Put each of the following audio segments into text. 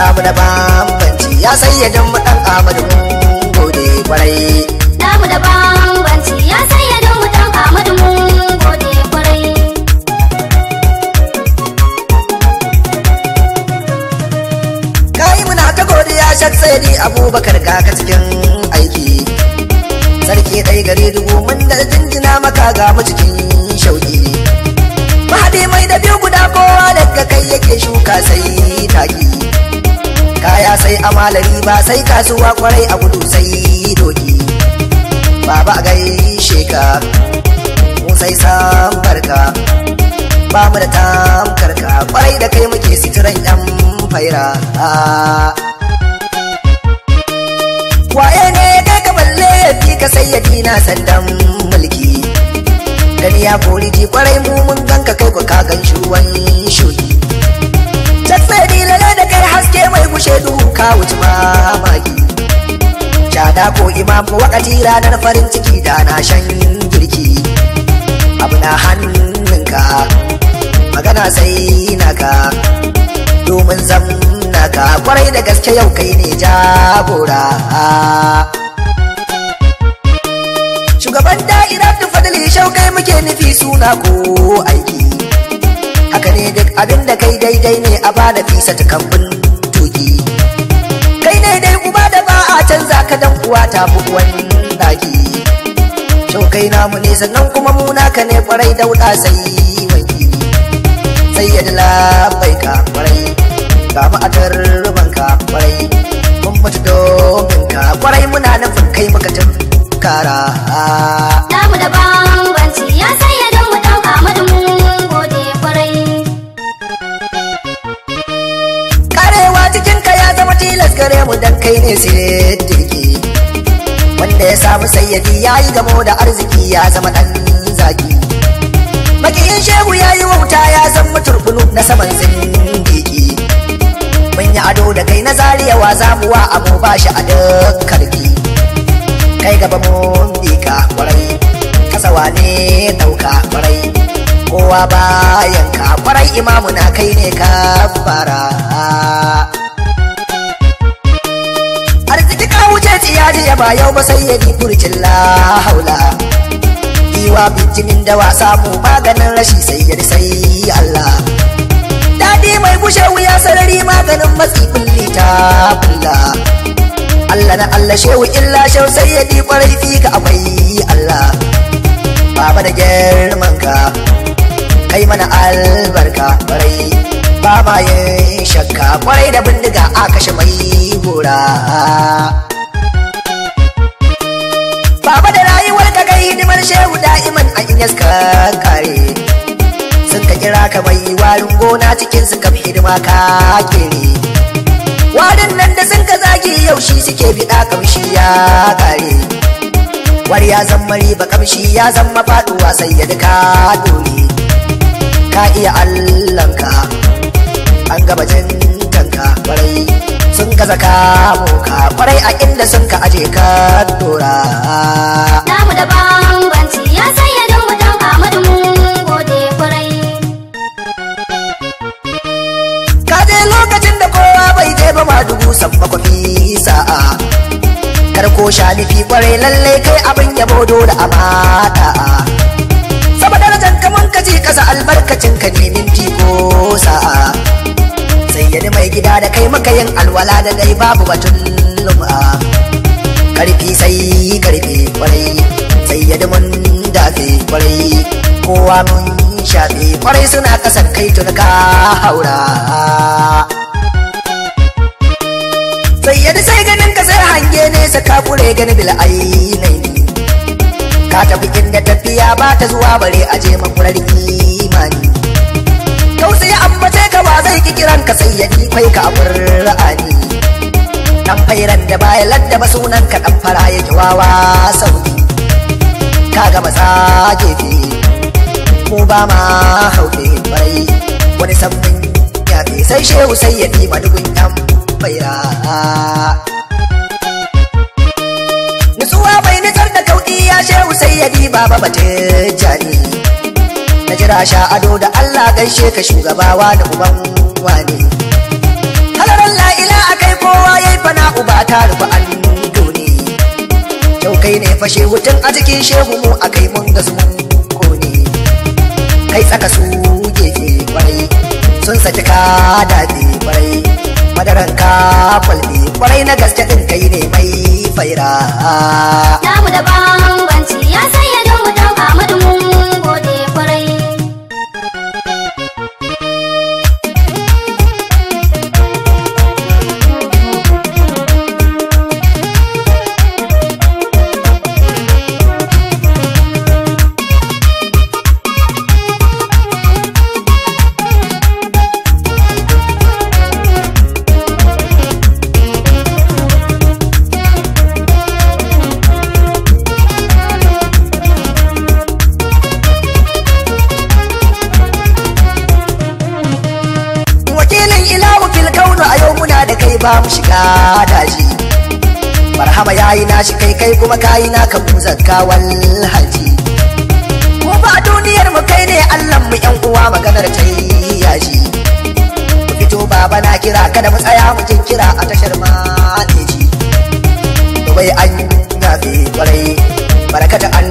abu da bambanci ya sayyadin mu dan amadu mun gode kwarai abu da bambanci ya sayyadin mu dan amadu mun gode kwarai kai muna ta godiya shak ni abubakar ga ka cikin sarki ɗai gare dubu mun da jinjina maka ga mu cikin shauki mahadi mai da biyu guda kowa daga kai yake shuka sai taki kaya sai amalari ba sai kasuwa kwarai a gudu sai doki baba gaishe ka mu sai sam barka ba mu da tamkar ka kwarai da kai muke sitiran yan faira waye ya ka sayyadi na sandan mulki gani ya kori ji kwarai mu mun ganka kai ku kagan shuwan shuri tasiri lala da kai haske mai gushe duhu ka wuce mamaki jada ko imam ko wakati ranar farin ciki da na shan girki abu na hannunka magana sai ka domin zamna kwarai da gaske yau kai ne jagora shugaban da'ira tu fadali shaukai muke nufi suna ko aiki haka ne duk abin da kai daidai ne a bada fisa tukabbin tuki kai ne daidai uba da ba a canza ka dan uwa ta buwan daki shaukai namu ne sannan kuma mu ka ne kwarai wuta sai wanki sai ya bai ka kwarai ba mu a tarruban kwarai mun mutu domin ka kwarai muna nufi tara namu da bambanci ya sanya don mu dauka da mun gode kwarai karewa cikin ka ya zama tilas gare mu dan kai ne siddiki wanda ya samu sayyadi ya yi gamo da arziki ya zama dan zaki makiyin shehu ya yi wauta ya san muturbulu na saman zindiki mun yi ado da kai na zariya wa zamuwa abu ba shi a duk karfi kai gaba mun bi kwarai kasawa ne dauka kwarai kowa bayan ka kwarai imamu na kai ne ka fara arziki ka wuce tsiyaji ya ba yau ba sai ya bi furcin la haula iwa bijimin da wasa mu maganin rashi sai ya sai Allah dadi mai bushe wuya sarari maganin matsi kulli ta kulla Allah na Allah shehu illa shau sai ya ɗi ƙwarai akwai Allah Baba da girman ka kai mana albarka kwarai ba ma shakka kwarai da bindiga a kashe mai gora Baba da rayuwar ka hidimar shehu da'iman a inyas ka kare sun ka kira ka mai warin gona cikin su ka hidima ka kere wadannan da sun ka zagi yau shi suke biɗa kamshi ya kare war ya zama riba kamshi ya zama faɗuwa sai ya duka dole ka iya allanka an gaba jin kanka kwarai sun ka zaka muka kwarai a inda sun ka aje ka dora namu da bambanci ya sai dubu sabba fisa kar karko shalifi kwarai lallai kai abin yabo dole a bata sama darajar kaman ka je kasa albarkacin ka nemin fiko sa'a zayyani mai gida da kai maka yin alwala da dai babu batun lum'a karfi sai karfi kwarai zayyani mun dafe kwarai kowa mun shafe kwarai suna kasan kai tun ka haura sayyada sai ganin ka sai hange nesa ka kure gani bil ainihi ka tafi inda tafiya ba ta zuwa bare aje makurar imani yau sai ambace ka ba zai ki kiran ka sai ya kai ka abur ra'ani dan fairan da baya ladda ba sunan ka dan fara ya wawa sauki ka ga matsa gefe mu ba ma hauke bai wani sabbin fi sai shehu sai ya ɗiba dugun zubaira nutsuwa bai nutsar da kauki ya shehu sai ya diba ba jari na jira sha ado da allah gaishe ka shugabawa da uban wani halarar la'ila a kai kowa ya yi fana uba ta rufe an duni yau kai ne fashe wutan a cikin shehu mu a kai mun ga mun kone kai tsaka su gefe kwarai sun saki ka daɗi kwarai madaran ka kwalbi kwarai na gaske din kai ne mai faira. Namu da bambanci ya sanya don mu dan mu za mu shiga daji marhaba ya na shi kai kai kuma kayi na ka zakka wal haji mu ba duniyar mu kai ne Allah mu yan uwa maganar ta yaji mu fito baba na kira kada mu tsaya mu kira a tashar ma ji bai an gafe kwarai barakata an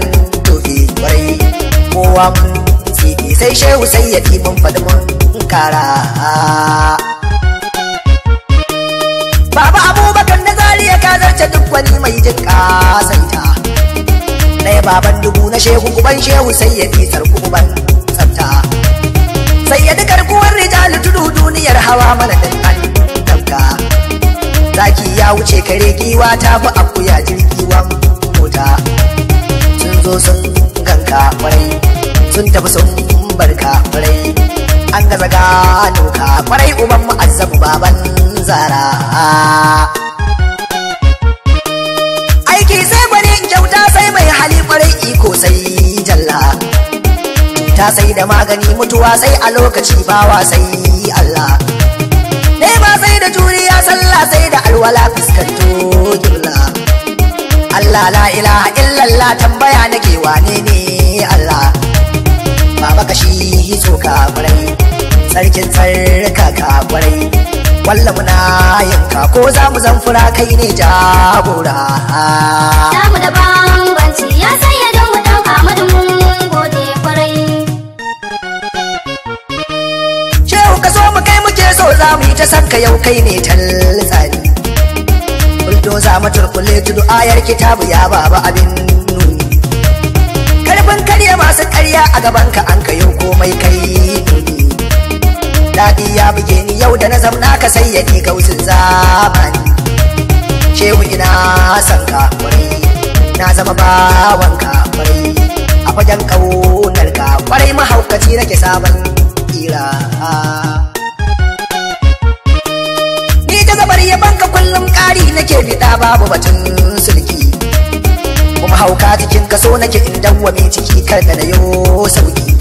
tofe kwarai kowa mun sai shehu sai ya mun faɗi mun kara Baba Abubakar na zariya ka zarce duk wani mai jin kasanta. Ɗaya baban dubu na shehu kuban shehu sai ya sarku kuban tsafta. Sai ya dukar kuwar rijali tudu duniyar hawa mana ɗin an ɗauka. Zaki ya wuce kare giwa ta fi akuya jirgiwan mota. Sun zo sun ganka kwarai, sun tafi sun barka kwarai. An gaza gano ka kwarai uban mu azabu baban aiki sai gwani kyauta sai mai hali kwarai iko sai jalla ta sai da magani mutuwa sai a lokaci bawa sai Allah ne ba sai da juriya sallah sai da alwala fuskanto kibla Allah la ilaha illallah tambaya nake wane ne Allah baba kashi tsoka kwarai sarkin ka kwarai walla muna yanka ko za mu zan kai ne jagora mu da bambanci ya sanya don mu dauka madin mun gode kwarai shehu ka so mu kai muke so za mu yi ta sanka yau kai ne talzani buldo za mu turkule yar kitabu ya baba abin nuni karfin karya masu karya a gaban ka an kayo komai kai nuni daɗi ya buge ni yau da na zamna ka sai ya ni gausin zamani shehu ina san ka kwarai na zama bawan ka kwarai a fagen kaunar ka kwarai mahaukaci nake sabon kira ni ta zabar yaban ka kullum ƙari nake biɗa babu batun sulki kuma hauka cikin kaso nake in dawwame ciki kar da na yo sauki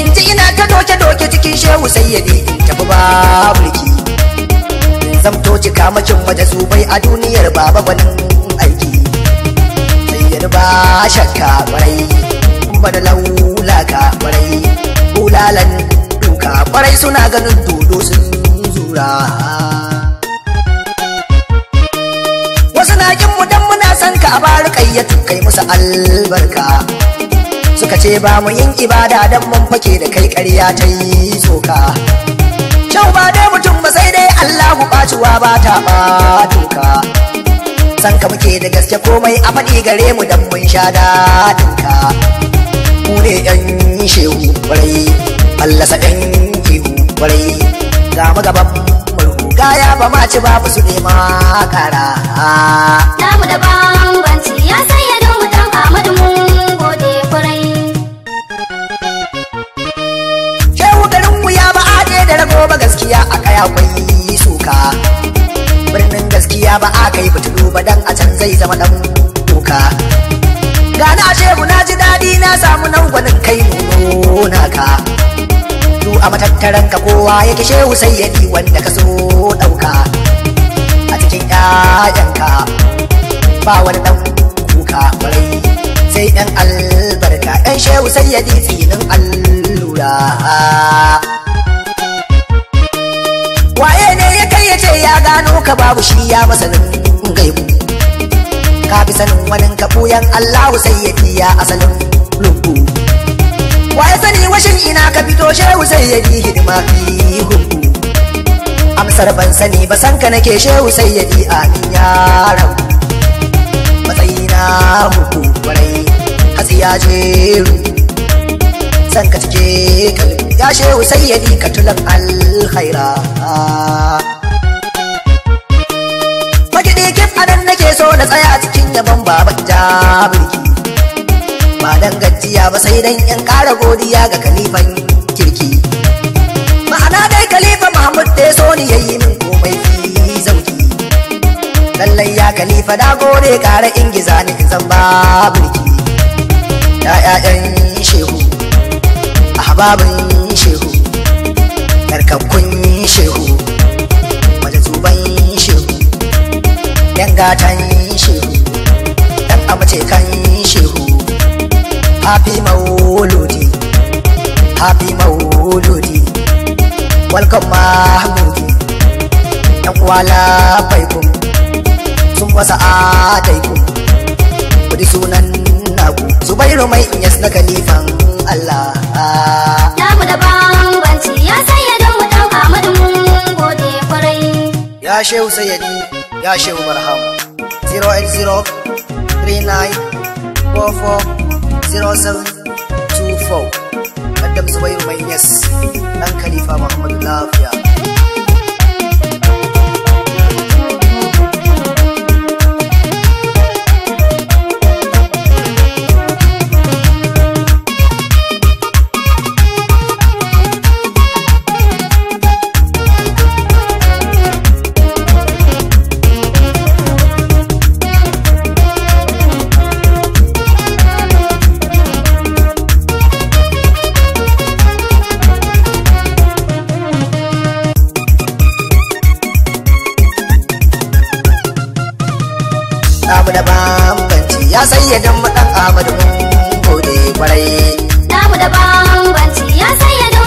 in ji ina ta doke doke cikin shehu sai ya in tafi ba mulki zamto cika makin waje zubai a duniyar baba ban aiki sai ba shakka kwarai bada laula ka kwarai bulalan duka kwarai suna ganin dodo sun zura wasu na kin mu dan muna son ka a bari kayyatu kai musu albarka suka ce ba mu yin ibada don mun fake da kai ƙarya ta yi tsoka kyau ba dai mutum ba sai dai allahu ɓacewa ba ta ɓatoka san ka muke da gaske komai a faɗi gare mu don mun sha daɗinka. ka ne yan shehu ƙwarai fallasa ɗan shehu ƙwarai ga mu gaban mulku gaya ba ma ci ba su nema ƙara. Namu da bambanci ya sanya don mu dan Ahmadu mu. ba a kai fitilu ba dan a can zai zama dan kuka gana shehu na ji daɗi na samu nan gwanin kai nuna ka du a matattaran ka kowa yake shehu sai ya wanda ka so ɗauka a cikin ka ba wani ɗan kuka kwarai sai 'yan albarka dan shehu sai ya tsinin allura ce ya gano ka babu shi ya masanin gaibu ka fi sanin wani ka buyan Allah sai ya biya asalin lubu wa ya sani washin ina ka fito shehu sai ya yi hidima fi hubu amsar ban sani ba san ka nake shehu sai ya yi amin ya rabu matsayina muku warai hatsi ya san ka cike kalbi ya shehu sai ya bi ka tulan alkhaira so na tsaya cikin yaban baban jabirki ba dan gajiya ba sai dan yan kara godiya ga kalifan kirki ma'ana dai kalifa muhammad dai so ni yayi min komai zauki lallai ya kalifa da gode ƙara ingiza ni zan babirki ya 'ya'yan shehu ahbabin shehu karkakkun shehu wajen tuban shehu yan gatan happy mauludi happy mauludi welcome mahmudi yan uwa labaikum sun wasa adaikum kudi sunan naku zubairu mai inyas na kalifan allah namu da bambanci ya sayyadin mu dan amadu gode kwarai ya shehu sayyadi ya shehu marhamu 080 39 44 0724 Kaddam Zubairu Mai Dan ɗan Khalifa Muhammadu Lafiya. sayyadan madan Ahmadu mun gode kwarai. Namu da bambanci ya sayyadan